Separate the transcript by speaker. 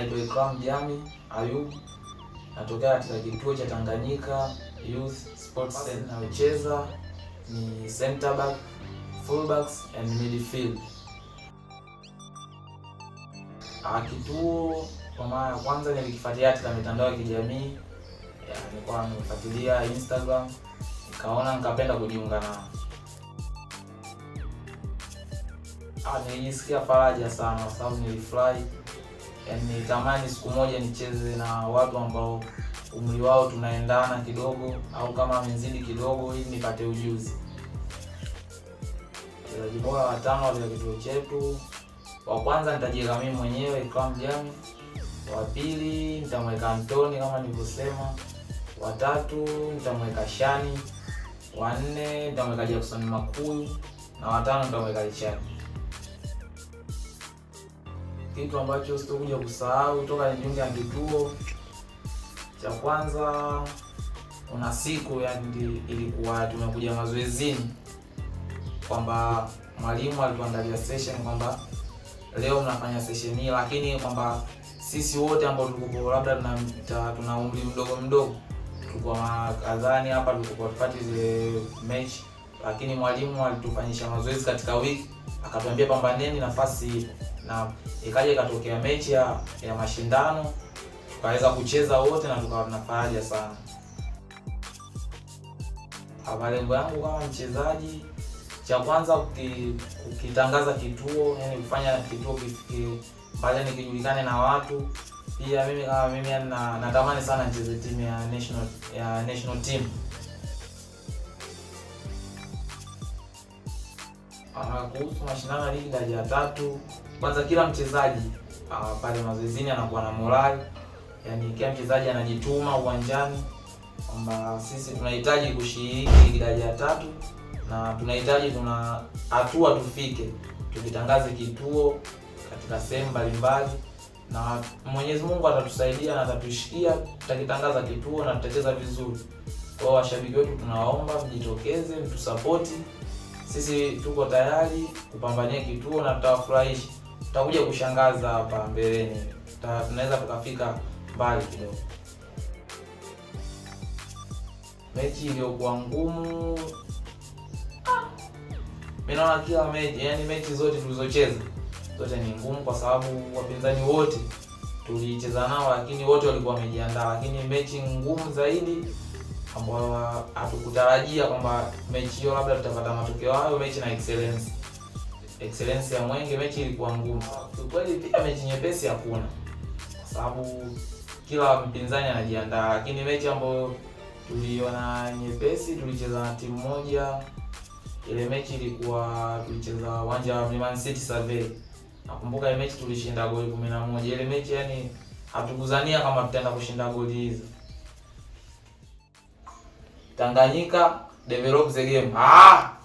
Speaker 1: naitwa Ikram Jami Ayub, natokea katika kituo cha Tanganyika Youth Sports Center. Nayocheza ni center back, full backs and midfield. Ah, kituo kwa mara ya kwanza nilikifuatilia katika mitandao ya kijamii, nilikuwa nimefuatilia Instagram, nikaona nikapenda kujiunga nao. Ah, nilijisikia faraja sana kwa sababu nilifurahi Yaani nitamani siku moja nicheze na watu ambao umri wao tunaendana kidogo, au kama amenzidi kidogo, ili nipate ujuzi. Wachezaji bora watano katika kituo chetu, wa kwanza nitajiweka mimi mwenyewe Ikram Jami, wa pili nitamweka Antoni kama nilivyosema, wa tatu nitamweka Shani, wa nne nitamweka Jackson Makuyu na watano nitamweka Richard kitu ambacho sitokuja kusahau toka nijiunge na kituo cha kwanza. Kuna siku yani ilikuwa tumekuja mazoezini, kwamba mwalimu alituandalia session kwamba leo mnafanya session hii, lakini kwamba sisi wote ambao tulikuwa labda tuna tuna umri mdogo mdogo, tulikuwa kadhani hapa tulikuwa tupati zile mechi, lakini mwalimu alitufanyisha mazoezi katika wiki, akatuambia pambaneni nafasi na ikaja ikatokea mechi ya, ya mashindano tukaweza kucheza wote na tukawa na faraja sana. Malengo yangu kama mchezaji, cha kwanza kukitangaza kituo, yani kufanya kituo pale nikijulikane na watu. Pia mimi kama ah, mimi na, natamani sana nicheze timu ya national ya national team. Ah, kuhusu mashindano ya ligi daraja ya tatu kwanza kila mchezaji uh, pale mazoezini anakuwa na morali, yani kila mchezaji anajituma uwanjani kwamba sisi tunahitaji kushiriki daraja ya tatu na tunahitaji tuna hatua tufike, tukitangaze kituo katika sehemu mbalimbali, na Mwenyezi Mungu atatusaidia na atatushikia, tutakitangaza kituo na tutacheza vizuri. Kwa washabiki wetu tunawaomba mjitokeze, mtusapoti, sisi tuko tayari kupambania kituo na tutawafurahisha tutakuja kushangaza hapa mbeleni, tunaweza tukafika mbali kidogo. Mechi iliyokuwa ngumu, mimi naona kila mechi, yani mechi zote tulizocheza zote ni ngumu, kwa sababu wapinzani wote tulicheza nao, lakini wote walikuwa wamejiandaa, lakini mechi ngumu zaidi ambayo hatukutarajia kwamba mechi hiyo labda tutapata matokeo hayo, mechi na excellence excellence ya Mwenge mechi ilikuwa ngumu. Kweli pia mechi nyepesi hakuna, kwa sababu kila mpinzani anajiandaa, lakini mechi ambayo tuliona nyepesi, tulicheza na timu moja. Ile mechi ilikuwa tulicheza uwanja wa Mlimani City Survey, nakumbuka ile mechi tulishinda goli 11. Ile mechi yani hatukuzania kama tutaenda kushinda goli hizo. Tanganyika develop the game ah!